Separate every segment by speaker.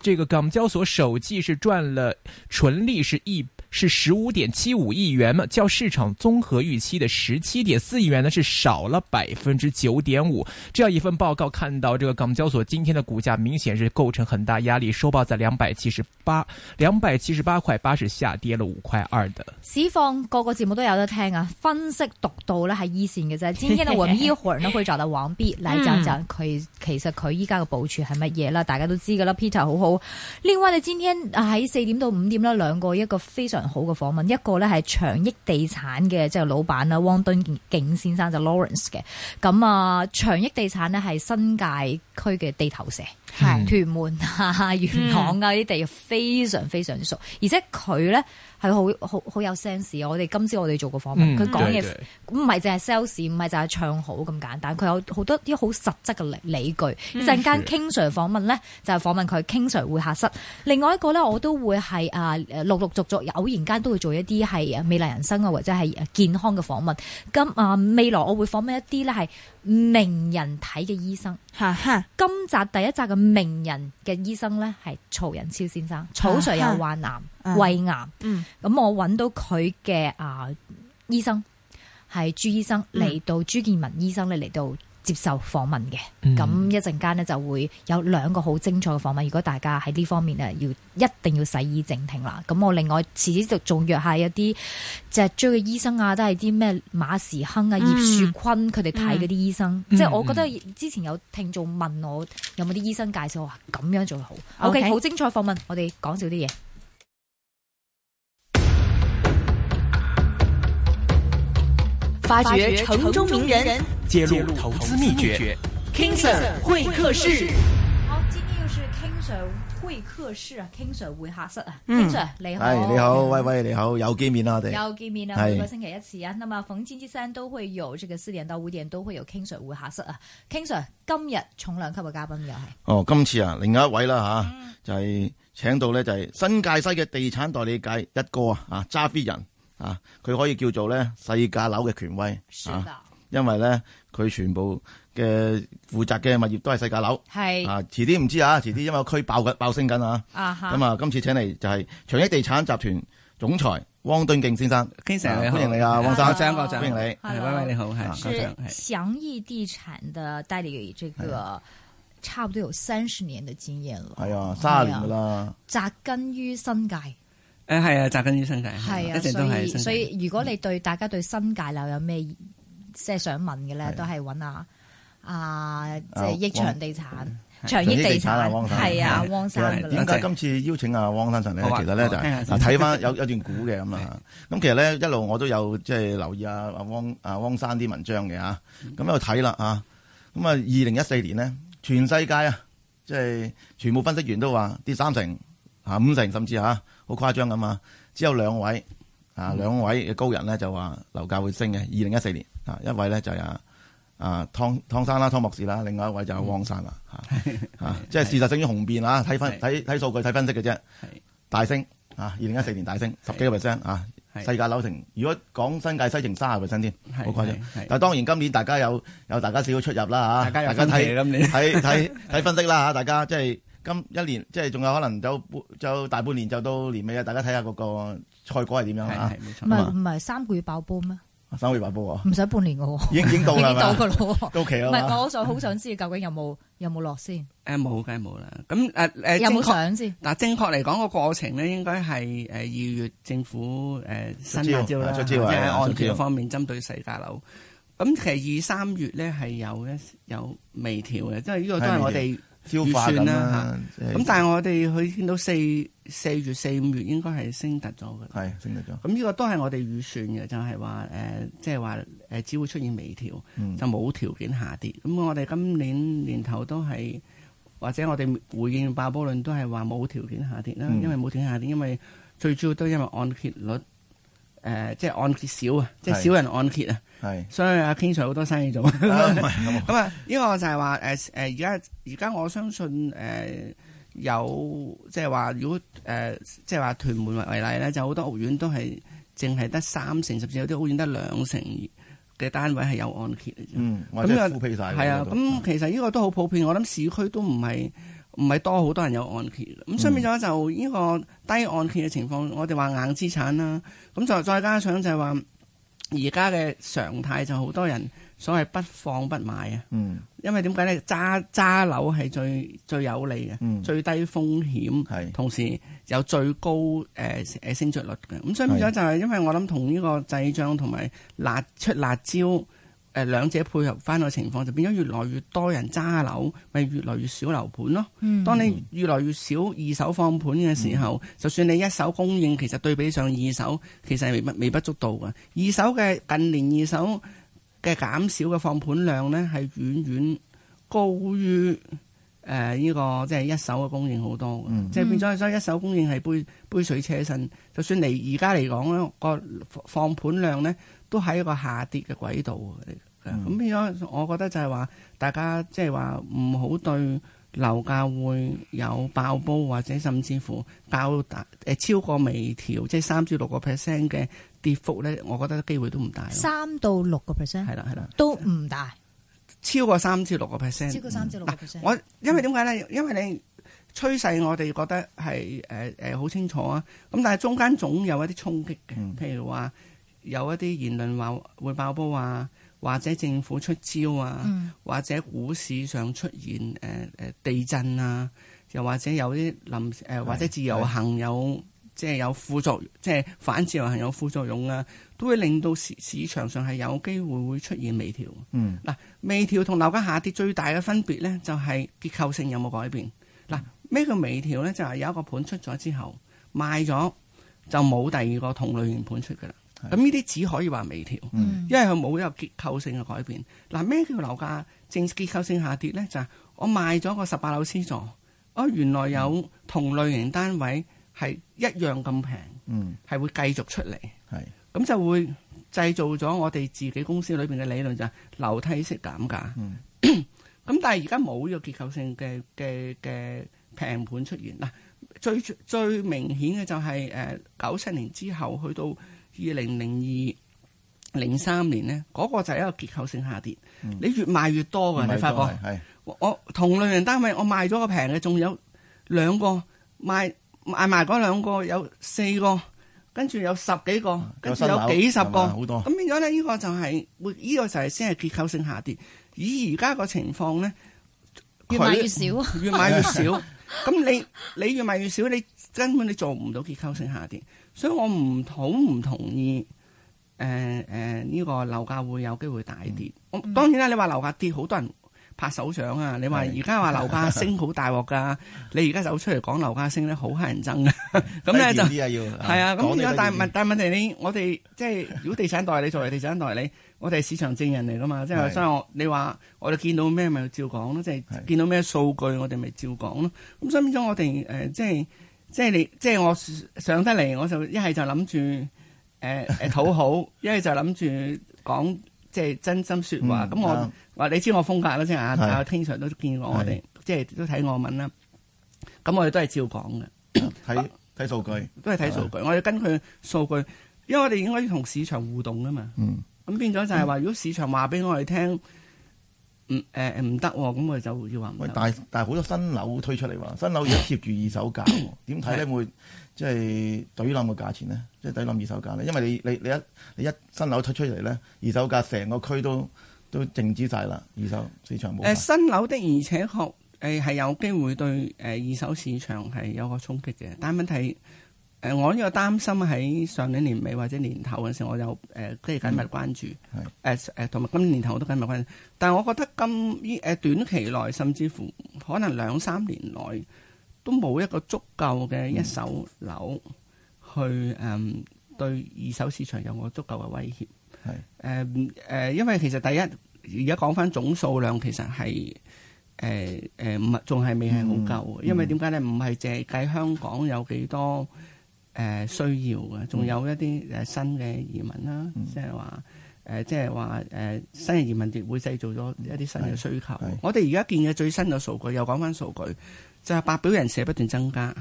Speaker 1: 這個港交所首季是賺了，純利是一，是十五點七五億元嘛？較市場綜合預期的十七點四億元呢，是少了百分之九點五。這樣一份報告，看到這個港交所今天的股價明顯是構成很大壓力，收報在兩百七十八，兩百七十八塊八是下跌了五塊二的。
Speaker 2: 市況各個節目都有得聽啊，分析獨到呢係一線嘅啫。今天咧 我們呢伙人都會找到王 B 來講講佢其實佢依家嘅部署係乜嘢啦？大家都知噶啦，Peter 好好，另外呢，你今天喺四、啊、點到五點啦，兩個一個非常。好嘅訪問，一個咧係祥益地產嘅即係老闆啦，汪敦敬先生就係 Lawrence 嘅，咁啊祥益地產咧係新界區嘅地頭蛇。係、嗯、屯門啊、元朗啊呢啲地非常非常熟，嗯，而且佢咧係好好好有 sense。我哋今次我哋做過訪問，佢講嘢唔係淨係 sales，唔係淨係唱好咁簡單。佢有好多啲好實質嘅理理據。一陣間 King Sir 訪問咧，就係、是、訪問佢 King Sir 會客室。另外一個咧，我都會係啊，陸陸續續偶然間都會做一啲係美麗人生啊，或者係健康嘅訪問。咁啊未來我會訪問一啲咧係名人睇嘅醫生哈哈。今集第一集嘅。名人嘅醫生咧，係曹仁超先生，草 s i 有患癌、胃癌，咁、嗯、我揾到佢嘅啊醫生係朱醫生嚟、嗯、到，朱建文醫生咧嚟到。接受訪問嘅，咁一陣間呢就會有兩個好精彩嘅訪問。如果大家喺呢方面呢，要一定要洗耳靜聽啦。咁我另外遲啲就仲約一下一啲脊椎嘅醫生啊，都係啲咩馬時亨啊、葉樹坤佢哋睇嗰啲醫生。嗯嗯、即係我覺得之前有聽眾問我有冇啲醫生介紹，我話咁樣做得好。OK，好、okay，精彩訪問，我哋講少啲嘢。
Speaker 3: 發
Speaker 1: 掘城中名人，揭露投資秘訣。King Sir,
Speaker 3: King Sir 會客室，
Speaker 2: 好，今天又是 King Sir 會客室啊，King Sir 會客室啊，King Sir 你好，嗯哎、你好，威
Speaker 1: 威你好，又見面啦、啊、我哋，又
Speaker 2: 見面啦、啊，每個星期一次啊，咁啊，逢星期三都會有這個四點到五點都會有 King Sir 會客室啊，King Sir 今日重量級嘅嘉賓又係，
Speaker 1: 哦，今次啊，另外一位啦、啊、吓、嗯啊，就係、是、請到呢，就係、是、新界西嘅地產代理界一個啊啊揸飛人，啊！佢可以叫做咧世界樓嘅權威係，啊，因為咧佢全部嘅負責嘅物業都係世界樓，係啊，遲啲唔知啊，遲啲因為個區爆緊爆升緊啊，咁啊，啊，今次請嚟就係祥益地產集團總裁汪敦敬先生，啊啊歡迎啊、先生 Hello, 歡迎你，你啊，汪生。張國歡迎你，喂喂，你好，係。係
Speaker 2: 祥益地產嘅代理，呢個差唔多有三十年嘅經驗，
Speaker 1: 係啊，的三十年噶啦，
Speaker 2: 紮根於新界。
Speaker 3: 誒係啊，紮根於新界。一直都係新界。所以
Speaker 2: 如果你對大家對新界樓有咩即係想問嘅咧、嗯，都係揾阿阿即係祥益地產、啊、祥益地產、嗯、是啊，益地產是啊，是啊，汪生係啊，啊，汪生嘅點解今
Speaker 1: 次邀請阿汪生咧、啊？其實咧就睇翻有有段古嘅咁咁其實咧一路我都有即、就是、留意阿、啊、阿汪阿、啊、汪生啲文章嘅啊。咁有睇啦啊。咁啊，二零一四年咧，全世界啊，即、就、係、是、全部分析員都話跌三成、啊、五成、啊是啊、甚至嚇、啊。好誇張咁嘛！只有兩位、嗯、啊，兩位嘅高人咧就話樓價會升嘅。二零一四年啊，一位咧就係啊湯湯生啊湯湯生啦，湯博士啦、啊，另外一位就係汪生啦、嗯。啊，啊即係事實勝於雄辯啊！睇睇睇數據睇分析嘅啫。大升啊！二零一四年大升十幾個 percent 啊，啊！世界樓城，如果講新界西城三十 percent 添，好、啊、誇張。但係當然今年大家有有大家少少出入啦，大家有睇你睇睇睇分析啦，大家， 大家即係。今一年即係仲有可能就就大半年就到年尾啊！大家睇下嗰個賽果係點樣？唔
Speaker 2: 係唔係三個月爆煲咩？
Speaker 1: 三個月爆煲啊！唔
Speaker 2: 使半年喎，已經到啦，
Speaker 1: 到期啦。唔係，我
Speaker 2: 就好想知道究竟有冇有冇落先？
Speaker 3: 冇梗係冇啦。咁誒誒，有冇上先？嗱、啊，正確嚟講個過程咧，應該係二月政府新招，即係安全方面針對細價樓。咁其實二三月咧係有有微調嘅，即係呢個都係我哋。預算啦咁、啊就是、但係我哋去見到四四月四五月，月應該係升突咗嘅，係
Speaker 1: 升突咗。
Speaker 3: 咁呢個都係我哋預算嘅，就係話誒，即係話誒，只會出現微調，嗯、就冇條件下跌。咁我哋今年年頭都係或者我哋回應的爆煲論都係話冇條件下跌啦、嗯，因為冇條件下跌，因為最主要都因為按揭率。誒、呃、即係按揭少啊，即係少人按揭啊，所以阿 k s l e 好多生意做。咁、oh，啊， 呢個就係話誒誒而家而家我相信誒、呃、有即係話如果誒即係話、呃、屯門為例咧，就好多屋苑都係淨係得三成甚至有啲屋苑得兩成嘅單位係有按揭嚟嘅、嗯。嗯，或者係、這個、啊，咁其實呢個都好普遍，我諗市區都唔係。唔係多好多人有按揭啦，咁所以變咗就呢個低按揭嘅情況，嗯、我哋話硬資產啦，咁就再加上就係話而家嘅常態就好多人所謂不放不買啊、嗯，因為點解咧？揸揸樓係最最有利嘅、嗯，最低風險，同時有最高、呃、升著率嘅，咁所以變咗就係因為我諗同呢個制章同埋出辣招，誒兩者配合翻個情況，就變咗越來越多人揸樓，咪越來越少樓盤咯。當你越來越少二手放盤嘅時候、嗯，就算你一手供應，其實對比上二手，其實係微微不足道嘅。二手嘅近年二手嘅減少嘅放盤量呢，係遠遠高於誒呢個即係一手嘅供應好多嘅，即、嗯、係變咗。所以一手供應係杯杯水車薪。就算你而家嚟講咧，個放盤量呢，都喺一個下跌嘅軌道嚟，咁變咗我覺得就係話大家，即係話唔好對樓價會有爆煲，或者甚至乎爆大超過微調，即係三至六個 percent 嘅跌幅咧，我覺得機會都唔大了。三到六個 percent，係啦係啦，都唔大。超過三至六個 percent，超過三至六個 percent。我因為點解咧？因為你趨勢，我哋覺得係誒誒好清楚啊。咁但係中間總有一啲衝擊嘅、嗯，譬如話。有一啲言論話會爆煲啊，或者政府出招啊，或者股市上出現誒誒地震啊，又或者有啲臨誒或者自由行有即係、就是、有副作用，即、就、係、是、反自由行有副作用啊，都會令到市市場上係有機會會出現微調。嗱、嗯，微調同樓價下跌最大嘅分別咧，就係結構性有冇改變。嗱，咩叫微調咧？就係、是、有一個盤出咗之後賣咗就冇第二個同類型盤出㗎喇。咁呢啲只可以話微調，因為佢冇有結構性嘅改變。嗱、嗯，咩叫樓價正結構性下跌咧？就係、是、我賣咗個十八樓先座，我原來有同類型單位係一樣咁平，係、嗯、會繼續出嚟。咁就會製造咗我哋自己公司裏邊嘅理論就係、是、樓梯式減價。咁、嗯、 但係而家冇呢個結構性嘅嘅嘅平盤出現啦。最最明顯嘅就係誒九七年之後去到。二零零二零三年咧，嗰、嗰個就係一個結構性下跌。嗯、你越賣越多嘅，你發覺係我，我同類型單位，我賣咗個平嘅，仲有兩個賣賣埋嗰兩個，有四個，跟住有十幾個，跟、嗯、住有幾十個，好多。咁變咗咧，呢、呢個就係會呢個就係先係結構性下跌。以而家個情況咧，越買越少， 越買越少。咁 你你越買越少，你根本你做唔到結構性下跌。所以我唔好唔同意，誒誒呢個樓價會有機會大跌。我、嗯、當然啦，你話樓價跌，好多人拍手掌啊！你話而家話樓價升好大鑊噶，你而家、啊、走出嚟講樓價升咧，好乞人憎嘅。咁咧 就係啊，咁、啊、但係但係問題，你我哋即係如果地產代理 作為地產代理，我哋市場證人嚟噶嘛，即係所以我你話我哋見到咩咪照講咯，即係見到咩數據我哋咪照講咯。咁、嗯、所以變咗我哋誒、呃、即係。即係你，即係我上得嚟，我就一係就諗住誒誒討好，一係就諗住講即係真心說話。咁、嗯、我話、嗯、你知我風格啦，先啊，大家聽常都見過我哋，即係都睇我文啦。咁我哋都係照講嘅，睇睇數據都係睇數據，數據我哋根據數據，因為我哋應該要同市場互動㗎嘛。
Speaker 1: 咁、嗯、變咗就係話、嗯，如果市場話俾我哋聽。唔誒唔得喎，咁我就要話唔得。但係但係好多新樓推出嚟話，新樓要貼住二手價，點睇咧？會即係抵冧個價錢咧，即係抵冧二手價咧？因為你你你一你一新樓推出嚟咧，二手價成個區都都靜止晒啦，二手市場冇、呃。
Speaker 3: 新樓的而且確係有機會對
Speaker 1: 二手市場係有個衝擊嘅，
Speaker 3: 但係問題。誒、呃，我呢個擔心喺上年年尾或者年頭嗰時候，我有誒跟住緊密關注誒誒，同、嗯、埋、呃、今年年頭我都緊密關注。但係我覺得今依誒、呃、短期內，甚至乎可能兩三年內都冇一個足夠嘅一手樓去誒、嗯嗯、對二手市場有個足夠嘅威脅係誒誒，因為其實第一而家講翻總數量其實係誒誒，唔係仲係未係好夠、嗯。因為點解咧？唔係淨係計香港有幾多？誒、呃、需要嘅，仲有一啲誒新嘅移民啦，即係話誒，即係話誒新嘅移民亦會製造咗一啲新嘅需求。我哋而家見嘅最新嘅數據，又講返數據，就係、是、白表人士不斷增加，誒、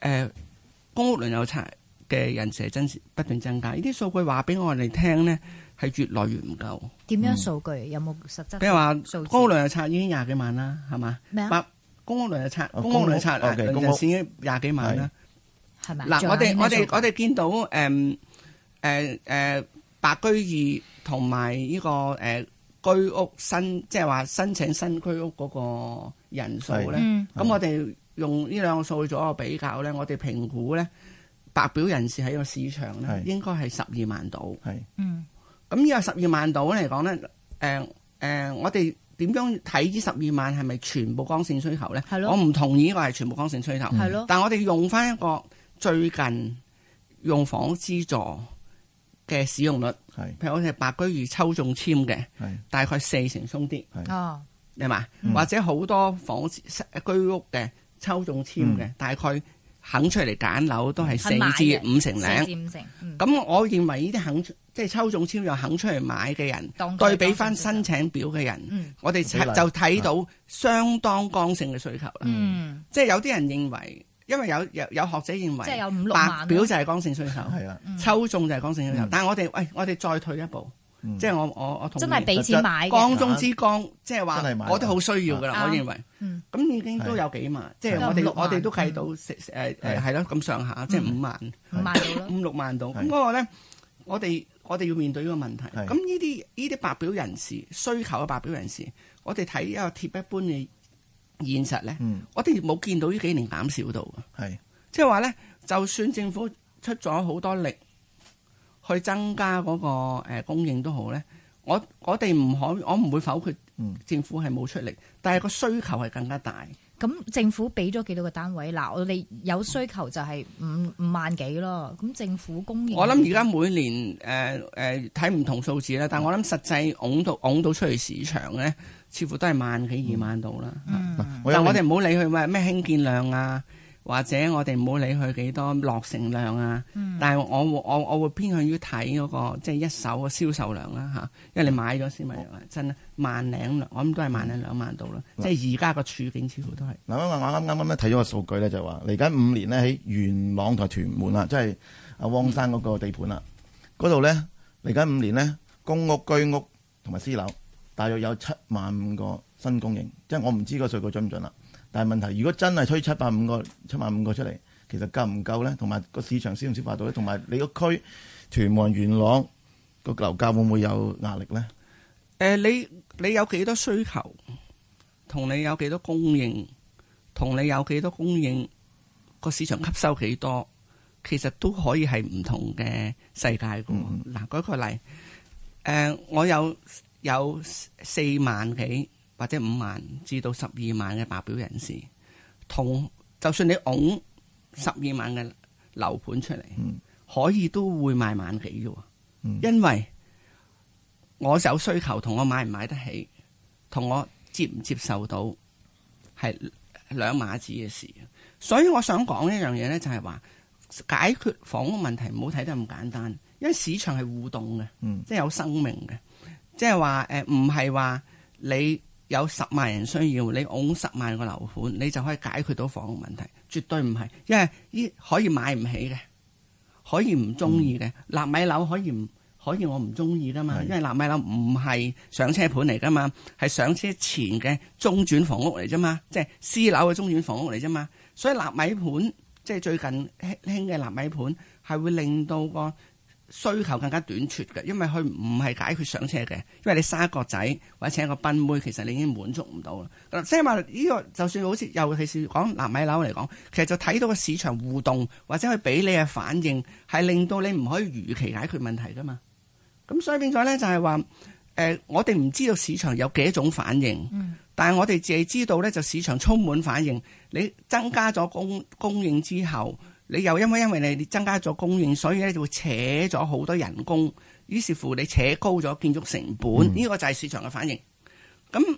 Speaker 3: 嗯呃、公屋輪候冊嘅人士增不斷增加。呢啲數據話俾我哋聽咧，係越來越唔夠。
Speaker 2: 點樣數據、嗯、有冇實質？比如
Speaker 3: 話公屋輪候冊已經廿幾萬啦，係嘛？咩啊？公屋輪候冊，公屋，公屋輪候冊人士已經廿幾萬啦。嗱，我哋我哋我哋見到誒誒誒白居二同埋呢個誒、呃、居屋新，即係話申請新居屋嗰個人數咧。咁、嗯、我哋用呢兩個數去做一個比較咧，我哋評估咧白表人士喺個市場咧應該係十二萬度。係，嗯。咁呢個十二萬度嚟講咧，誒、呃、誒、呃，我哋點樣睇呢十二萬係咪全部剛性需求咧？係咯。我唔同意呢個係全部剛性需求。係咯。但係我哋用翻一個。最近用房資助嘅使用率，係譬如我哋白居易抽中籤嘅，大概四成鬆啲，係嘛、嗯？或者好多房居屋嘅抽中籤嘅，大概肯出嚟揀樓都係四至五成零。咁、嗯、我認為呢啲肯即係抽中籤又肯出嚟買嘅人的，對比翻申請表嘅人，嗯、我哋就睇到相當剛性嘅需求啦。即、嗯、係、就是、有啲人認為。因為有有，有學者認為，即係有五六萬，白表就係剛性需求、嗯，抽中就係剛性需求、嗯。但係我哋喂，我哋再退一步，嗯、即係我我我同真係俾錢買，剛中之剛、啊，即係話我都好需要噶啦、啊。我認為咁、嗯、已經都有幾萬，即係我哋我哋都計到誒係咯，咁上下，即係五萬五萬五六萬到。咁嗰個咧，我哋我哋要面對呢個問題。咁呢啲呢啲白表人士需求嘅白表人士，我哋睇啊貼一般你。現實咧、嗯，我哋冇見到呢幾年減少到即係話咧，就算政府出咗好多力去增加嗰個供應都好咧，我我哋唔可，我唔會否決政府係冇出力，嗯、但係個需求係更加大。
Speaker 2: 咁、嗯嗯、政府俾咗幾多個單位？嗱，我哋有需求就係五五萬幾咯。咁政府供應，我諗而家
Speaker 3: 每年誒誒睇唔同數字啦，但我諗實際擁到到出嚟市場咧。似乎都係萬幾二萬度啦、
Speaker 1: 嗯，但我哋
Speaker 3: 唔好理佢咩興建量啊，或者我哋唔好理佢幾多落成量啊、嗯。但係我我我會偏向於睇嗰、嗰個即係、即係、一手嘅銷售量啦吓，因為你買咗先咪真啦。萬零量，我諗都係萬零兩萬
Speaker 1: 度啦、嗯。即係而
Speaker 3: 家個處境，似乎都係
Speaker 1: 嗱，因、嗯嗯嗯、我啱啱咧睇咗個數據咧，就話嚟緊五年咧喺元朗同埋屯門啊、嗯，即係阿汪生嗰個地盤啦，嗰度咧嚟緊五年咧公屋居屋同埋私樓。大約有七萬五個新供應，即係我唔知個稅局準唔準啦。但係問題，如果真係推七萬五個、七萬五個出嚟，其實夠唔夠咧？同埋個市場消唔消化到咧？同埋你個區屯門、元朗個樓價會唔會有壓力咧？誒，你你有幾多需求，
Speaker 3: 同你有幾多供應，同你有幾多供應個市場吸收幾多，其實都可以係唔同嘅世界噶。嗱，舉個例，誒，我有。有四萬幾或者五萬至到十二萬嘅白表人士，同就算你拱十二萬嘅樓盤出嚟、嗯，可以都會賣萬幾嘅、嗯。因為我有需求，同我買唔買得起，同我接唔接受到係兩碼子嘅事。所以我想講一樣嘢咧，就係話解決房屋問題唔好睇得咁簡單，因為市場係互動嘅、嗯，即係有生命嘅。即係話誒，唔係話你有十萬人需要，你擁十萬個樓盤，你就可以解決到房屋問題，絕對唔係，因為呢可以買唔起嘅，可以唔中意嘅，納、嗯、米樓可以唔可以我唔中意噶嘛、嗯？因為納米樓唔係上車盤嚟噶嘛，係上車前嘅中轉房屋嚟啫嘛，即係私樓嘅中轉房屋嚟啫嘛，所以納米盤即係、就是、最近興興嘅納米盤係會令到個需求更加短缺嘅，因為佢唔係解決上車嘅，因為你生一個仔或者請一個賓妹，其實你已經滿足唔到啦。即係話呢個，就算好似尤其是講納米樓嚟講，其實就睇到個市場互動或者佢俾你嘅反應，係令到你唔可以如期解決問題噶嘛。咁所以變咗咧，就係話，誒，我哋唔知道市場有幾多種反應，嗯、但係我哋淨係知道咧，就市場充滿反應。你增加咗供供應之後。你又因為因為你你增加咗供應，所以咧就會扯咗好多人工，於是乎你扯高咗建築成本，呢、嗯呢個就係市場嘅反應。咁誒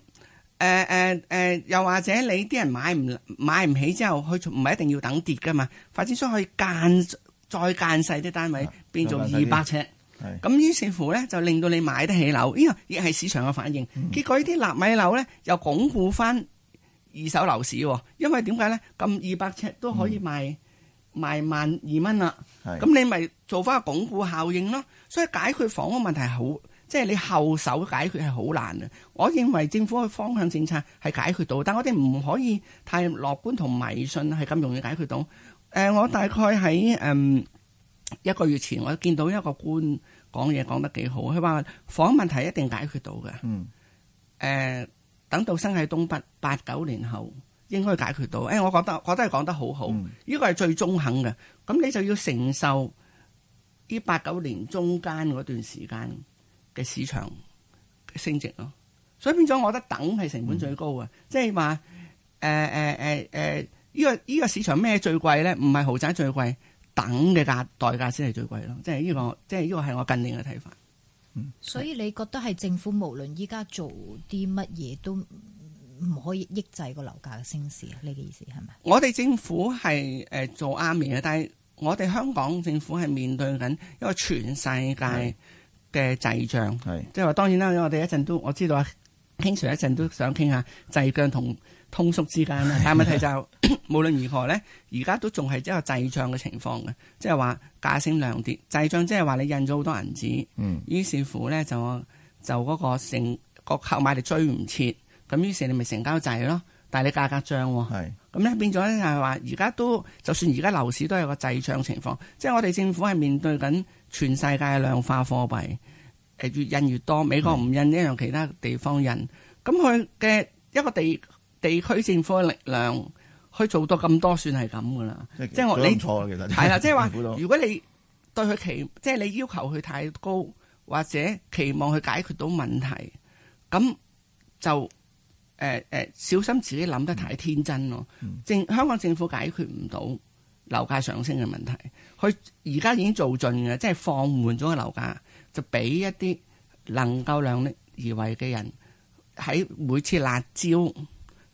Speaker 3: 誒誒，又或者你啲人買唔買唔起之後，佢唔係一定要等跌噶嘛？發展商可以間再間細啲單位變做二百尺，咁、嗯、於是乎咧就令到你買得起樓，呢個亦係市場嘅反應。嗯、結果呢啲納米樓咧又鞏固翻二手樓市，因為點解咧咁二百尺都可以賣、嗯？賣萬二蚊啦，咁你咪做翻個鞏固效應咯。所以解決房屋的問題好，即係你後手解決係好難啊。我認為政府嘅方向政策係解決到，但我哋唔可以太樂觀同迷信係咁容易解決到。誒、呃，我大概喺誒、嗯、一個月前，我見到一個官講嘢講得幾好，佢話房屋問題是一定解決到嘅。誒、嗯呃，等到新界東北八九年後。應該解決到，誒、哎，我覺得，覺得係講得好好，呢個係最中肯嘅。咁你就要承受呢八九年中間嗰段時間嘅市場升值咯。所以變咗，我覺得等係成本最高嘅，即係話，誒誒誒誒，呢、呃呃呃這個呢、這個市場咩最貴咧？唔係豪宅最貴，等嘅價代價先係最貴咯。即係呢、這個，即係呢個係我近年嘅睇法、嗯。
Speaker 2: 所以你覺得係政府無論依家做啲乜嘢都？唔可以抑制個樓價嘅升市啊！呢個意思係咪？
Speaker 3: 我哋政府係誒、呃、做啱面嘅，但係我哋香港政府係面對緊一個全世界嘅滯脹，係即係話當然啦。我哋一陣都我知道，經常一陣都想傾下滯脹同通縮之間啊。但係問題就是、 無論如何咧，而家都仲係一個滯脹嘅情況嘅，即係話價升量跌，滯脹即係話你印咗好多銀紙，
Speaker 1: 嗯，
Speaker 3: 於是乎咧就就嗰個成個購買力追唔切。咁於是你咪成交制咯，但係你價格漲喎。係咁咧，變咗咧就係話，而家都就算而家樓市都有個滯脹情況，即係我哋政府係面對緊全世界嘅量化貨幣，誒越印越多。美國唔印一樣，其他地方印，咁佢嘅一個地地區政府嘅力量去做到咁多，多，算係咁噶啦。即係我你錯其實係啦，即係話如果你對佢期，即係你要求佢太高，或者期望佢解決到問題，咁就。誒、欸欸、小心自己諗得太天真咯。政、嗯、香港政府解決唔到樓價上升嘅問題，佢而家已經做盡嘅，即係放緩咗樓價，就俾一啲能夠量力而為嘅人喺每次辣椒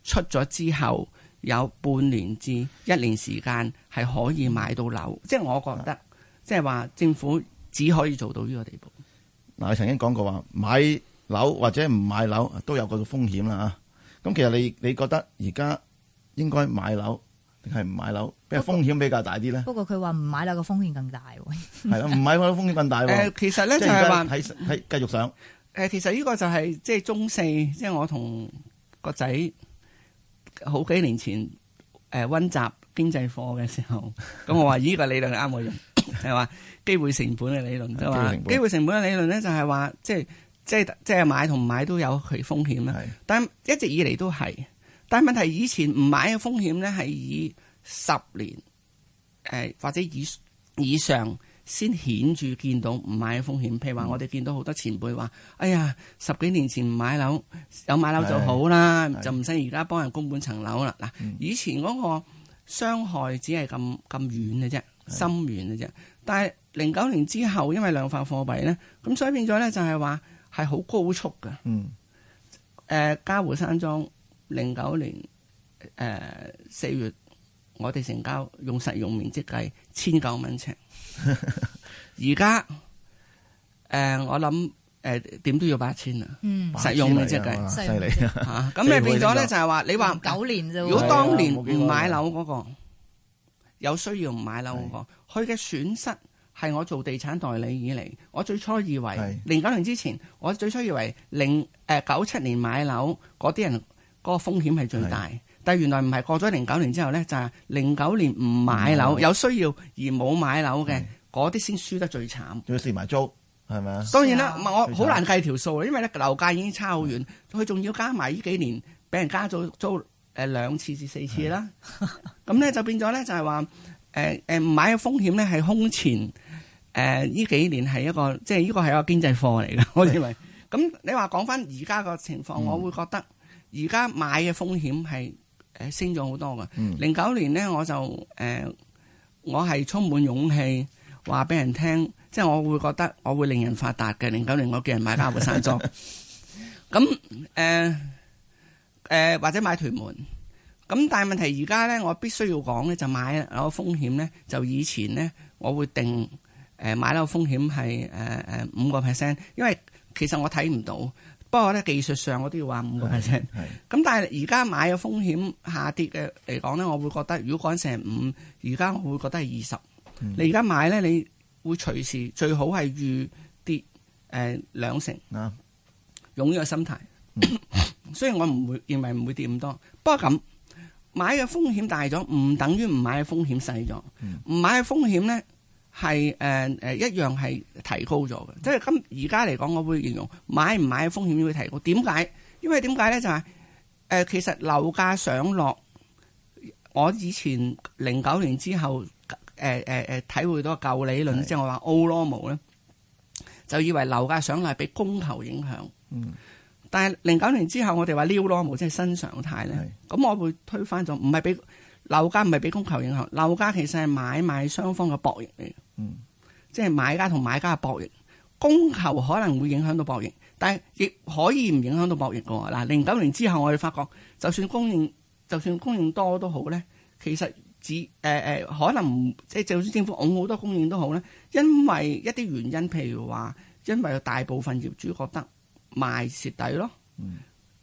Speaker 3: 出咗之後，有半年至一年時間係可
Speaker 1: 以買到樓。即係我覺得，是即係話政府只可以做到呢個地步。嗱、嗯，你曾經講過話買樓或者唔買樓都有個風險啦嚇。咁其實你你覺得而家應該買樓定係唔買樓？咩風險比較大啲咧？
Speaker 2: 不過佢話唔買樓嘅風險更大喎。 係啦，唔
Speaker 1: 買樓風險更大喎、呃。其實咧就係話
Speaker 2: 喺
Speaker 3: 喺繼續上。呃、其實呢個就係即係中四，即、就、係、係、我同個仔好幾年前誒温習經濟課嘅時候，咁我話呢個理論啱我用係嘛？ 機會成本嘅理論，機會成本嘅理論咧就係話即係即係即係買同唔買都有佢風險啦。係，但係一直以嚟都係。但係問題，以前唔買嘅風險咧，係以十年誒、呃、或者以以上先顯著見到唔買嘅風險。譬如話我哋見到好多前輩話，哎呀，十幾年前唔買樓，有買樓就好啦，就唔使而家幫人供半層樓啦。嗱，以前嗰個傷害只係咁咁遠嘅啫，深遠嘅啫。是但係零九年之後，因為量化貨幣咧，咁所以變咗咧就係話。係好高速噶，誒、嗯、嘉、呃、湖山莊零九年四、呃、月，我哋成交用實用面積計千九蚊尺，而家、 呃、我諗點、呃、都要八千啦，實用面積計犀利嚇，咁、嗯啊啊就係、你變咗咧就係話你話九年啫，如果當年唔買樓嗰、個有，有需要唔買樓嗰、個，佢嘅損失。係我做地產代理以嚟，我最初以為零九年之前，我最初以為零誒九七年買樓嗰啲人嗰個風險係最大，但係原來唔係，過咗零九年之後咧，就係零九年唔買樓、嗯、有需要而冇買樓嘅嗰啲先輸得最慘。要蝕埋租係咪啊？當然啦，我好難計條數啊，因為咧樓價已經差好遠，佢仲要加埋呢幾年俾人加咗租誒、呃、兩次至四次啦。咁咧 就變咗咧就係話誒誒唔買嘅風險咧係空前。誒、呃，呢幾年係一個，即係呢個係一個經濟課嚟噶。我認為，咁 你話講翻而家個情況、嗯，我會覺得而家買嘅風險係誒升咗好多噶。零、嗯、九年呢我就誒、呃、我係充滿勇氣話俾人聽，即、就、係、是、我會覺得我會令人發達嘅。零九年我叫人買嘉湖山莊，咁誒誒或者買屯門，咁但係問題而家咧，我必須要講咧，就買有風險咧，就以前咧我會定。誒、呃、買樓風險係誒誒五個 percent，因為其實我睇唔到。不過咧技術上我都要話五個 percent。係。咁但係而家買嘅風險下跌嘅嚟講咧，我會覺得如果講成五，而家我會覺得係二十。你而家買咧，你會隨時最好係預跌誒兩、呃、成。啊、嗯。用呢個心態。嗯。雖然 我唔會認為唔會跌咁多，不過咁買嘅風險大咗，唔等於唔買嘅風險細咗。唔、嗯、買嘅風險咧。係、呃呃、一樣係提高咗嘅、嗯，即係今而家嚟講，我會形容買唔買嘅風險會提高。點解？因為點解咧？就係、是呃、其實樓價上落，我以前零九年之後誒、呃呃、體會到個舊理論，是即係我話 old normal 咧，就以為樓價上落係俾供求影響。嗯、但係零九年之後，我哋話 new normal 即係新常態咧，咁我會推翻咗，唔係俾樓價唔係俾供求影響，樓價其實係買賣雙方嘅博弈嚟嗯，即係買家同買家嘅博弈，供求可能會影響到博弈，但係亦可以唔影響到博弈嘅。嗱、呃，零九年之後，我哋發覺，就算供應就算供應多都好咧，其實只誒誒、呃，可能即係，就算政府㧬好多供應都好咧，因為一啲原因，譬如話，因為大部分業主覺得賣蝕底咯，誒、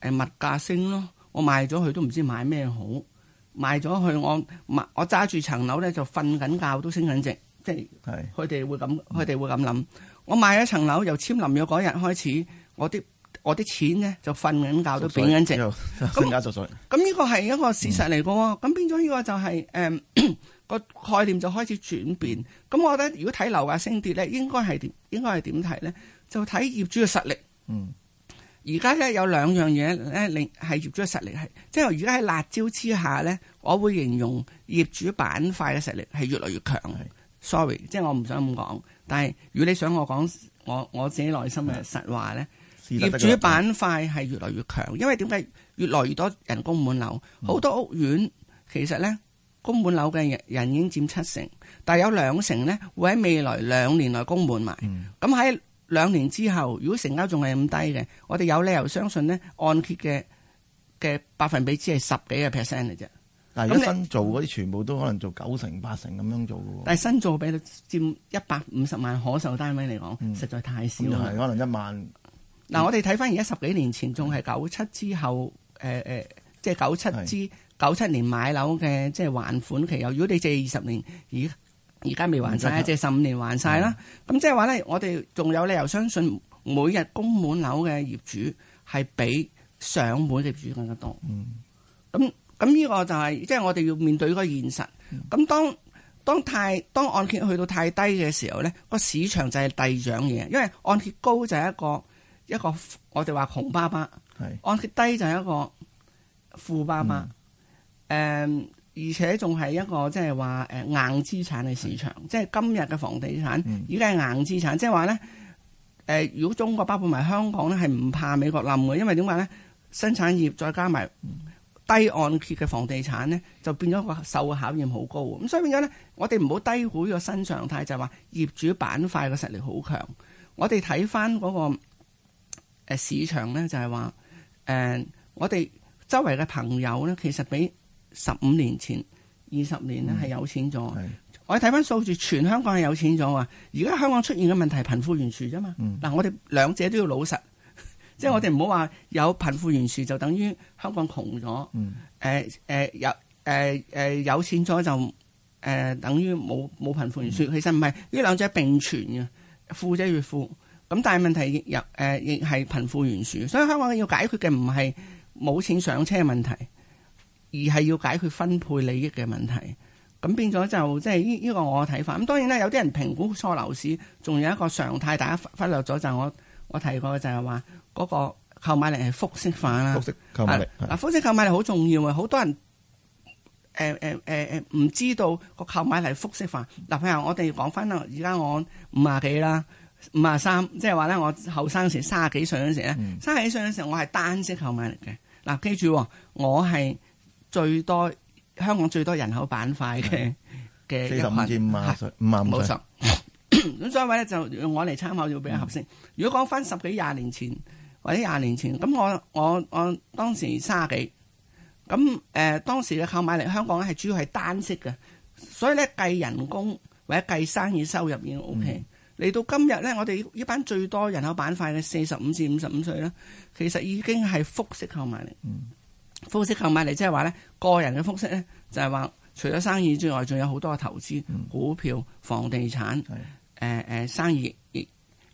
Speaker 3: 嗯、物價升咯，我賣咗佢都唔知買咩好，賣咗佢我我揸住層樓咧就瞓緊覺，都升緊值。即係佢哋會咁，佢哋會咁諗、嗯。我買咗層樓，由簽臨約嗰日開始，我啲我啲錢咧就瞓緊覺都變值，都變緊值，咁呢個係一個事實嚟嘅喎。咁、嗯、變咗呢個就係誒個概念就開始轉變。咁我覺得如果睇樓價升跌咧，應該係點？應該係點睇咧？就睇業主嘅實力。嗯，而家咧有兩樣嘢咧，另係業主嘅實力係即係而家喺辣招之下咧，我會形容業主板塊嘅實力係越嚟越強。sorry，即係我唔想咁講，但係如果你想我講，我我自己內心嘅實話咧，業主板塊係越來越強，因為點解越來越多人供滿樓，好、嗯、多屋苑其實咧供滿樓嘅人已經佔七成，但係有兩成呢會喺未來兩年內供滿埋，咁、嗯、喺兩年之後，如果成交仲係咁低嘅，我哋有理由相信呢，按揭嘅嘅百分比只係十幾個 percent 嚟啫，而已。嗱，而家新
Speaker 1: 造嗰啲全部都可能做九成八成咁樣做喎、嗯。但係
Speaker 3: 新造比佔一百五十萬可售單位嚟講，實在太少。可能一萬。嗱，我哋睇返而家十幾年前仲係九七之後，誒、呃、誒，即係九七之九七年買樓嘅，即係還款期有。如果你借二十年，而而家未還晒，50，借十五年還晒啦。咁即係話咧，就是、我哋仲有理由相信每日供滿樓嘅業主係比上滿嘅業主更加多。嗯，咁。咁、這、呢個就係即係我哋要面對嗰個現實。咁、嗯、當當太當按揭去到太低嘅時候咧，個市場就係遞漲嘢。因為按揭高就係一個一個我哋話窮爸爸，按揭低就係一個富爸爸。誒、嗯呃，而且仲係一個即係話誒硬資產嘅市場。即係今日嘅房地產而家係硬資產，即係話咧，誒、呃、如果中國包括埋香港咧，係唔怕美國冧嘅，因為點解咧？生產業再加埋。嗯低按揭嘅房地產咧，就變咗個受嘅考驗好高，咁所以變咗咧，我哋唔好低估呢個新常態，就係話業主板塊嘅實力好強。我哋睇翻嗰個市場咧，就係話誒，我哋周圍嘅朋友咧，其實比十五年前二十年咧係有錢咗。我哋睇翻數字，全香港係有錢咗喎。而家香港出現嘅問題，貧富懸殊啫嘛。嗱，我哋兩者都要老實。嗯、即係我哋唔好話有貧富懸殊就等於香港窮咗，誒誒有誒誒有錢咗就誒等於冇冇貧富懸殊，其實唔係，呢兩者並存嘅。富者越富，咁但係問題亦誒亦係貧富懸殊，所以香港要解決嘅唔係冇錢上車嘅問題，而係要解決分配利益嘅問題，咁變咗就即係呢呢個我嘅睇法。咁當然啦，有啲人評估錯樓市，仲有一個常態大家忽略咗就係、我。我提過嘅就係話嗰個購買力係複式化啦。複式購買力，複式購買力好重要啊！好多人誒、呃呃呃、唔知道個購買力係複式化。嗱，譬如我哋講翻啦，而家我五廿幾啦，五廿三，即係話咧，我後生時時三十幾歲嗰時咧，三十幾歲嗰時、嗯、歲時我係單式購買力嘅。嗱，記住，我係最多香港最多人口板塊嘅嘅四十五至五十歲，五十五歲咁 所以話咧，就用我嚟參考要比較合適。如果講翻十幾廿年前或者廿年前，咁我我我當時卅幾，咁誒、呃、當時嘅購買力香港咧係主要係單式嘅，所以咧計人工或者計生意收入已經 OK。嚟、嗯、到今日咧，我哋呢班最多人口板塊嘅四十五至五十五歲咧，其實已經係複式購買力。複式購買力即係話咧，個人嘅複式咧就係話，除咗生意之外，仲有好多嘅投資、股票、房地產。嗯誒誒，生意亦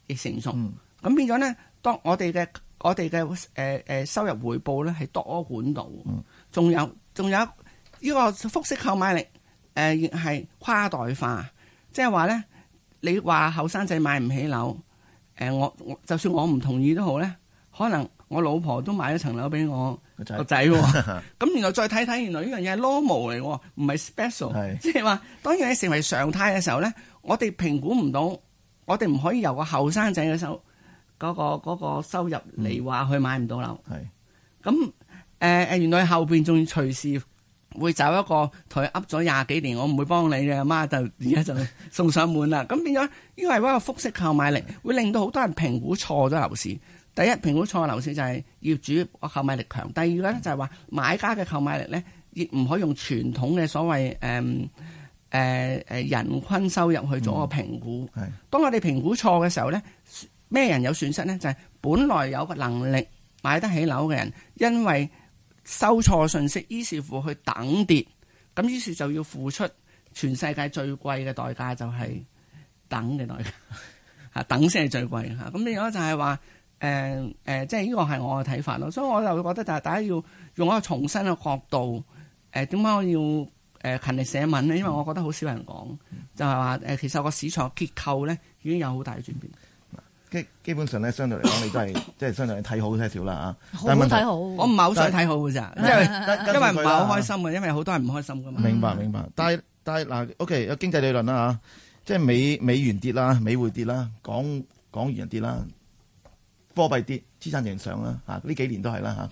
Speaker 3: 亦成熟，盛、嗯、寵，咁變咗咧，當我哋嘅我哋嘅誒誒收入回報咧係多管道，仲、嗯、有仲有呢個複式購買力，誒亦係跨代化，即係話咧，你話後生仔買唔起樓，誒我就算我唔同意都好咧，可能我老婆都買咗層樓俾我個仔，咁 原來再睇睇，原來呢樣嘢係 normal 嚟，唔係 special，即係話當然你成為常態嘅時候咧。我哋評估唔到，我哋唔可以由個後生仔嘅收嗰、嗰個嗰個收入嚟話佢買唔到樓。係咁誒誒，原來後邊仲要隨時會走一個同佢噏咗廿幾年，我唔會幫你嘅阿媽，就而家就送上門啦。咁 變咗，呢個係一個複式購買力會令到好多人評估錯咗樓市。第一，評估錯嘅樓市就係業主購買力強。第二咧就係、是、話買家嘅購買力咧亦唔可以用傳統嘅所謂誒。嗯誒、呃、誒、呃，人均收入去做一個評估。係、嗯。當我哋評估錯嘅時候咧，咩人有損失咧？就係、是、本來有個能力買得起樓嘅人，因為收錯信息，於是乎去等跌，咁於是就要付出全世界最貴嘅代價， 啊、就係等嘅代價。吓、呃，等先係最貴吓。咁另外就係話，誒誒，即係呢個係我嘅睇法咯。所以我就會覺得，就係大家要用一個重新嘅角度，誒、呃，點解我要？誒、呃、勤力寫文咧，因為我覺得好少人講，就係話誒，其實個市場嘅結構咧已經有好大嘅轉變。
Speaker 1: 基基本上咧，相對嚟講，你都係即係相對睇好少少啦嚇。我唔係好想睇好嘅咋，
Speaker 3: 因為唔係好開
Speaker 1: 心嘅，因為好多係唔開心嘅嘛。明白明白，但係但係嗱，O K，有經濟理論啦嚇，即係美美元跌啦，美匯跌啦，港港元跌啦。貨幣跌，資產淨上啦，呢、啊、幾年都係啦吓，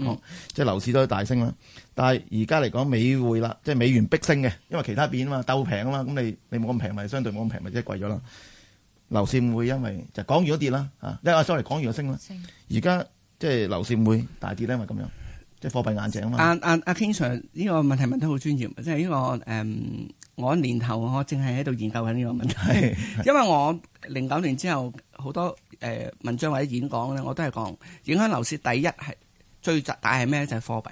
Speaker 1: 即係樓市都大升啦。但係而家嚟講，美匯啦，即係美元逼升嘅，因為其他變啊嘛，鬥平啊嘛，咁你你冇咁平，咪相對冇咁平，咪即係貴咗啦。樓市會因為就講完咗跌啦，啊，因為 sorry，講完咗升啦，而家即係樓市會大跌咧，因為咁樣，即係貨幣硬淨啊嘛。阿、啊、阿
Speaker 3: 阿 King Sir 呢個問題問得好專業，即係呢個誒。Um, 我年頭我淨係喺度研究緊呢個問題，因為我零九年之後好多誒文章或者演講咧，我都係講影響樓市第一係最大係咩？就係貨幣。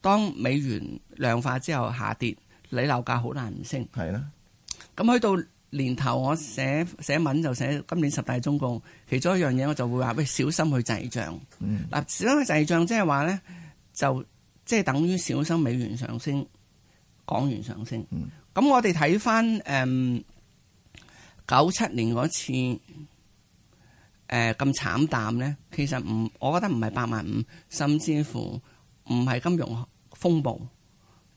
Speaker 3: 當美元量化之後下跌，你樓價好難唔升。係啦。咁去到年頭，我寫寫文就寫今年十大中共，其中一樣嘢我就會話：喂，小心去滯脹。嗱，小心去滯脹，即係話咧，就即係等於小心美元上升，港元上升。咁我哋睇翻誒九七年嗰次誒咁、呃、慘淡咧，其實唔，我覺得唔係八萬五，甚至乎唔係金融風暴，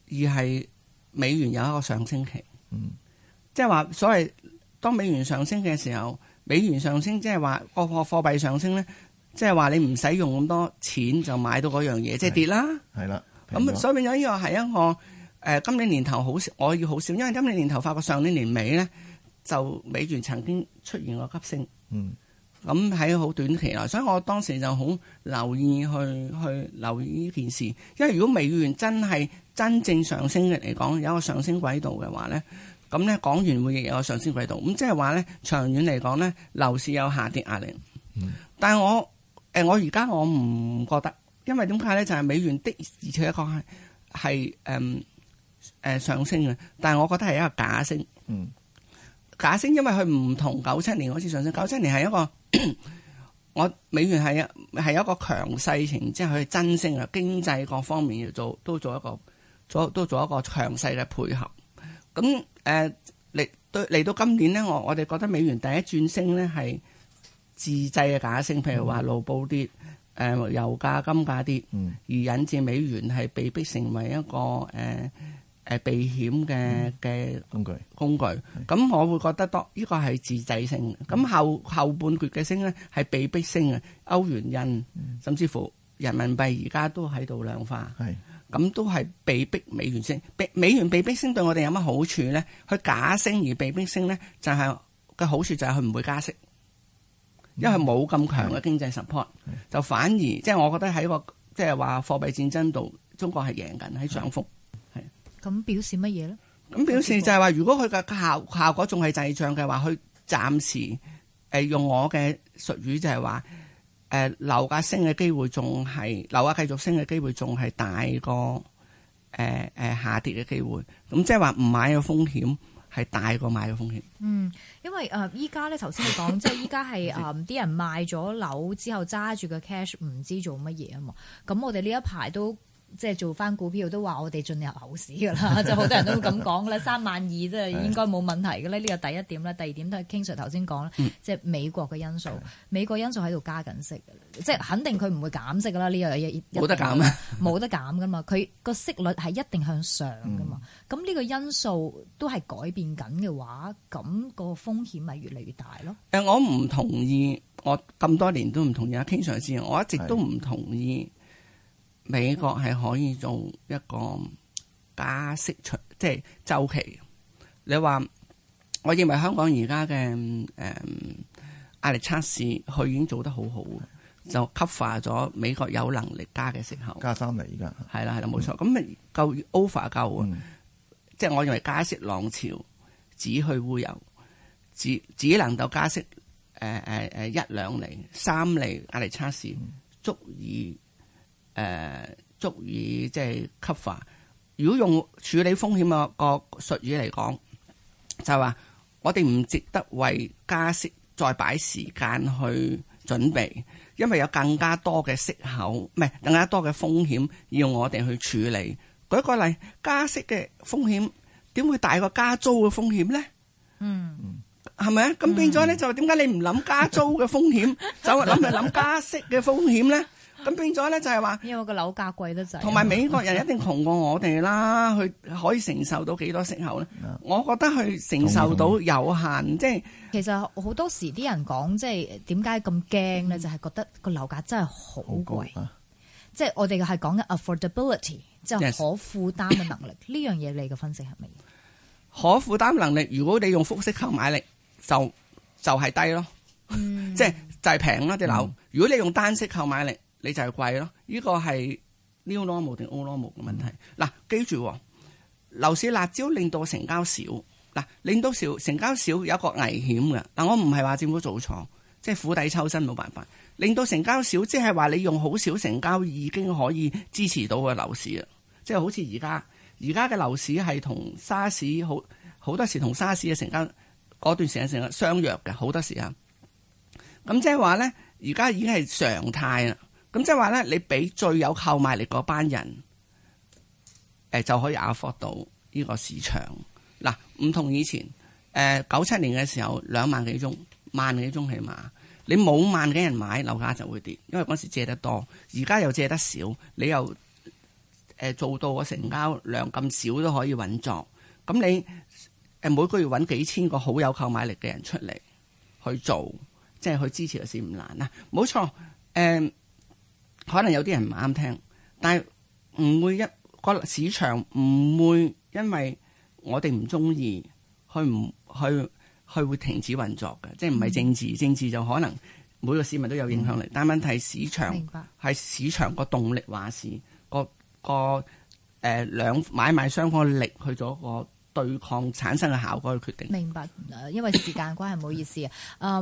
Speaker 3: 而係美元有一個上升期。嗯，即係話所謂當美元上升嘅時候，美元上升即係話個個貨幣上升咧，即係話你唔使用咁多錢就買到嗰樣嘢，即係、就是、跌啦。係啦，咁所以變咗呢個係一個。誒今年年頭好我要好少，因為今年年頭發覺上年年尾咧，就美元曾經出現過急升，嗯，咁喺好短期內，所以我當時就好留意去去留意呢件事，因為如果美元真係真正上升嘅嚟講，有個上升軌道嘅話咧，咁咧港元會亦有個上升軌道，咁即係話咧長遠嚟講咧，樓市有下跌壓力，嗯、但係我誒、呃、我而家我唔覺得，因為點解咧就係、是、美元的而且確係係誒。誒、呃，上升嘅，但係我覺得係一個假升。
Speaker 1: 嗯，
Speaker 3: 假升，因為佢唔同九七年嗰次上升，九七年係一個 我美元係係一個強勢型，即係佢真升啊，經濟各方面要做都做一個做都做一個強勢嘅配合。咁誒嚟對嚟到今年呢，我我哋覺得美元第一轉升呢係自製嘅假升，譬如話盧布跌，誒、呃、油價金價跌、嗯，而引致美元係被逼成為一個誒。呃誒避險嘅嘅工具工具，咁、嗯、我會覺得當呢個係自制性。咁後,後半段嘅升咧係被逼升嘅，歐元因、嗯、甚至乎人民幣而家都喺度量化，咁都係被逼美元升。美元被逼升對我哋有乜好處咧？佢假升而被逼升咧，就係個好處就係佢唔會加息，嗯、因為冇咁強嘅經濟 support，就反而即係、就是、我覺得喺個即係話貨幣戰爭度，中國係贏緊喺漲幅。
Speaker 2: 咁表示乜嘢咧？
Speaker 3: 咁表示就係話，如果佢嘅效效果仲係滯脹嘅話，佢暫時誒、呃、用我嘅術語就係話，誒樓價升嘅機會仲係樓價繼續升嘅機會仲係大過誒誒、呃、下跌嘅機會。咁即係話唔買嘅風險係大過買嘅風險。嗯，
Speaker 2: 因為誒依家咧頭先你講，即係依家係誒啲人賣咗樓之後揸住個 cash 唔知做乜嘢啊嘛。咁我哋呢一排都。即係做翻股票都話我哋進入牛市噶啦，即係好多人都會咁講噶啦，三萬二即係應該冇問題㗎咧。呢個第一點啦，第二點都係 King Sir 頭先講啦，即係美國嘅因素、嗯，美國因素喺度加緊息，嗯、即係肯定佢唔會減息噶啦。呢樣嘢冇得減啊，冇得減噶嘛，佢 個息率係一定向上噶嘛。咁、嗯、呢個因素都係改變緊嘅話，咁個風險咪越嚟越大咯。
Speaker 3: 誒、呃，我唔同意，我咁多年都唔同意阿 King Sir 先，我一直都唔同意。美國係可以做一個加息循，即係週期。你話，我認為香港而家嘅誒壓力測試，佢已經做得好好，就吸化咗美國有能力加嘅時候。加三厘而家係啦，係啦，冇錯。咁咪、嗯、夠 over 夠啊、嗯！即係我認為加息浪潮只去烏有，只只能夠加息誒誒誒一兩厘、三厘，壓力測試、嗯、足以。誒、uh，足以即係 cover。如果用處理風險個個術語嚟講，就話、是、我哋唔值得為加息再擺時間去準備，因為有更加多嘅息口，唔係更加多嘅風險要我哋去處理。舉個例，加息嘅風險點會大過加租嘅風險咧？
Speaker 1: 嗯，
Speaker 3: 係咪啊？咁變咗咧、嗯，就點解你唔諗加租嘅風險，就 走去諗加息嘅風險咧？咁變咗咧，就係話，因為個樓價貴得滯，同埋美國人一定窮過我哋啦，佢 可以承受到幾多息口咧、嗯？我覺得佢承受到有限，即、嗯、係、就是、其實好多時啲人講，即係點解咁驚咧？就係、是、
Speaker 2: 覺得個樓價真係好貴，即係、就是、我哋係講嘅 affordability，即係可負擔嘅能力。呢 樣嘢你嘅分析係咪？
Speaker 3: 可負擔能力，如果你用複式購買力，就就係、是、低咯，嗯、即係就係平啦啲樓。如果你用單式購買力，你就係貴咯，呢個係 New Normal 定 Old Normal 嘅問題。嗱，記住喎，樓市辣椒令到成交少，嗱，令到少成交少有一個危險嘅。嗱，我唔係話政府做錯，即係釜底抽薪冇辦法令到成交少，即係話你用好少成交已經可以支持到個樓市啊！即係好似而家，而家嘅樓市係同沙士好，好多時同沙士嘅成交嗰段時間係相若嘅好多時啊。咁即係話咧，而家已經係常態啦。咁即係話咧，你俾最有購買力嗰班人，誒就可以 afford 到呢個市場嗱。唔同以前誒，九七年嘅時候兩萬幾宗，萬幾宗起碼，你冇萬幾人買，樓價就會跌。因為嗰時借得多，而家又借得少，你又誒做到個成交量咁少都可以運作。咁你誒每個月搵幾千個好有購買力嘅人出嚟去做，即係去支持就先唔難啦。冇錯，誒、嗯。可能有啲人唔啱聽，但係唔會一個市場唔會因為我哋唔中意，去唔去去會停止運作嘅，即係唔係政治？政治就可能每個市民都有影響力，但係問題市場，係市場個動力話事，個個誒兩買賣雙方嘅力去咗，那個。對抗產生嘅效果去決定。
Speaker 2: 明白，因為時間關係，唔 好意思啊。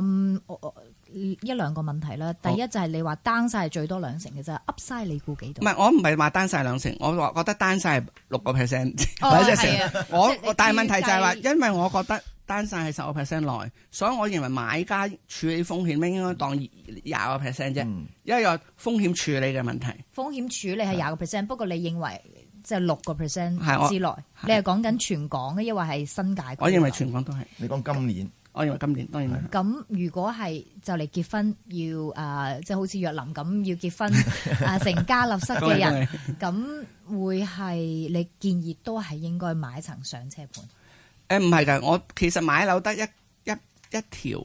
Speaker 2: 嗯，我我一兩個問題啦。第一就係你話單晒係最多兩成嘅啫，Upside 你估幾多？
Speaker 3: 唔係，我唔係話單晒兩成，我話覺得單晒係六個 percent 或我但係問題就係話，因為我覺得單晒係十個 percent 內，所以我認為買家處理風險咧應該當廿個 percent 啫，因為有風險處理嘅問題。
Speaker 2: 風險處理係廿個 percent，不過你認為？即係六個 percent 之內，你係講緊全港嘅，抑或係新界？我認為
Speaker 1: 全港都係。你講今年，我認為今年當然。
Speaker 2: 咁如果係就嚟結婚，要啊，即係好似若林咁要結婚啊、 呃、成家立室嘅人，咁 會係你建議都係應該買層上車盤。
Speaker 3: 誒唔係㗎，我其實買樓得一一一條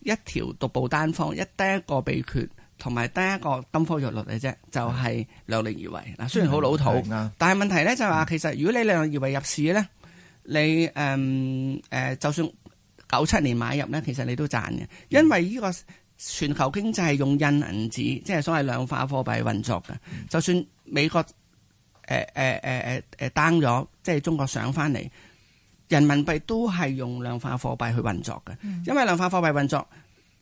Speaker 3: 一條獨步單方一得一個秘訣。同埋得一個金科玉律嘅啫，就係量力而為嗱。雖然好老土，嗯、是但係問題咧就係、是、話，其實如果你量力而為入市咧，你誒誒、嗯呃，就算九七年買入咧，其實你都賺嘅，因為呢個全球經濟係用印銀紙，即係所謂量化貨幣運作嘅、嗯。就算美國誒誒誒誒誒 down 咗，即係中國上翻嚟，人民幣都係用量化貨幣去運作嘅，因為量化貨幣運作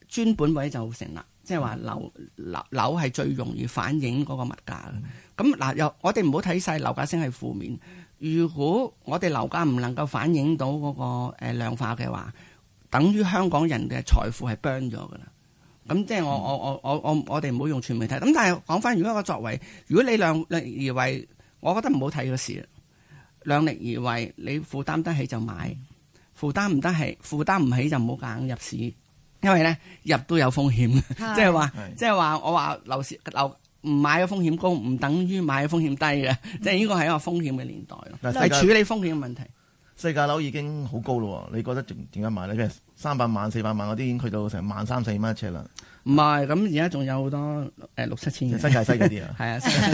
Speaker 3: 專本位就成立。即係話，樓樓樓係最容易反映嗰個物價嘅。咁、嗯、嗱，又我哋唔好睇晒樓價升係負面。如果我哋樓價唔能夠反映到嗰、嗰個、呃、量化嘅話，等於香港人嘅財富係 burn 咗嘅啦。咁即係我、嗯、我我我我我哋唔好用全面睇。咁但係講翻，如果我作為，如果你量力而為，我覺得唔好睇個市。量力而為，你負擔得起就買，負擔唔得起負擔唔起就唔好夾硬入市。因為咧入都有風險，即係話，即係話我話樓市樓唔買嘅風險高，唔等於買嘅風險低嘅，即係呢個係一個風險嘅年代
Speaker 1: 咯，係處理風險嘅問題。新界樓已經好高咯，你覺得仲點解買咧？譬如三百萬、四百萬嗰啲已經去到成萬三四蚊一尺啦。唔係，咁而家仲有好多誒、呃、六七千。新界西嗰啲 啊，係啊，
Speaker 2: 新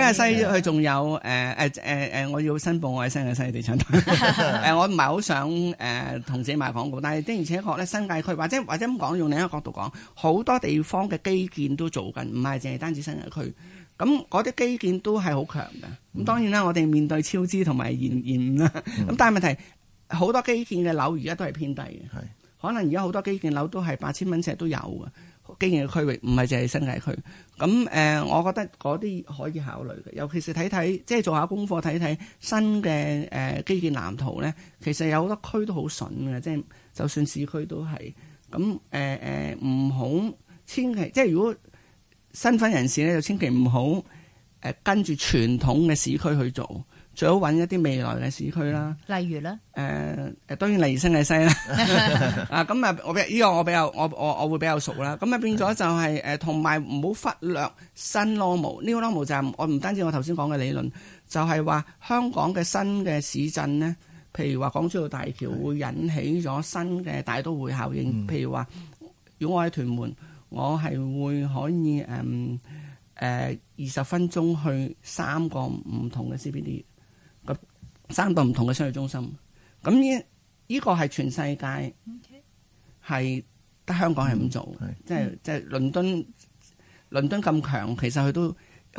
Speaker 2: 界西還，
Speaker 1: 佢仲有
Speaker 3: 誒誒誒誒，我要申報我喺新界西地產。誒、 呃，我唔係好想誒同自己賣廣，呃、告，但係的而且確咧，新界區或者或者咁講，用另一個角度講，好多地方嘅基建都做緊，唔係淨係單止新界區。咁嗰啲基建都係好強嘅，咁、嗯、當然啦，我哋面對超支同埋延延啦，咁、嗯、但係問題好多基建嘅樓而家都係偏低嘅，可能而家好多基建樓都係八千蚊尺都有嘅，基建嘅區域唔係淨係新界區，咁、呃、我覺得嗰啲可以考慮嘅，尤其是睇睇即係做下功課睇睇新嘅、呃、基建藍圖咧，其實有好多區都好筍嘅，即係就算市區都係，咁誒誒唔好千祈即係如果，新婚人士咧，就千祈唔好誒跟住傳統嘅市區去做，最好揾一啲未來嘅市區啦。例如咧，誒、呃、誒，當然離新界西啦。 啊，咁啊，我依個我比較，我較我我會比較熟啦。咁啊，變咗就係、是、誒，同埋唔好忽略 new normal。呢、這、new normal 就係、是、我唔單止我頭先講嘅理論，就係、是、話香港嘅新嘅市鎮咧，譬如話港珠澳大橋會引起咗新嘅大都會效應。嗯、譬如話，如果我喺屯門。我係會可以誒誒二十分鐘去三個唔同嘅 CBD，咁三個唔同嘅商業中心，咁呢依個係全世界係、okay. 得香港係咁做，即係即係倫敦、嗯，倫敦咁強其實佢都。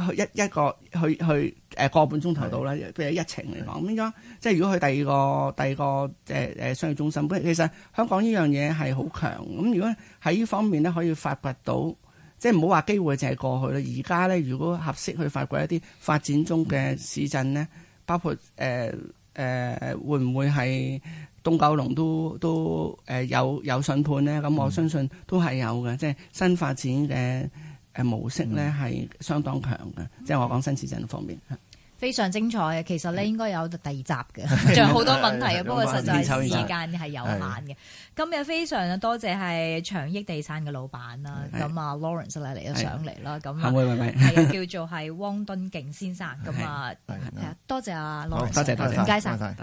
Speaker 3: 去一一個去去誒個半鐘頭到啦，譬如一程嚟講，咁樣即係如果去第二個第二個誒誒商業中心，不咁其實香港呢樣嘢係好強。咁如果喺呢方面咧可以發掘到，即係唔好話機會就係過去啦。而家咧如果合適去發掘一啲發展中嘅市鎮咧、嗯，包括誒誒、呃呃、會唔會係東九龍都都誒、呃、有有新盤咧？咁、嗯、我相信都係有嘅，即係新發展嘅。模式咧係相當強嘅，即係我講新市鎮方面，
Speaker 2: 非常精彩嘅。其實咧應該有第二集嘅，仲有好多問題嘅。不 過、哎哎哎、實在係時間係有限嘅。今日非常多謝係長益地產嘅老闆啦，咁啊 Lawrence 咧嚟咗上嚟啦，咁係叫做係汪敦敬先生，咁啊係啊，多謝啊 Lawrence，唔該曬。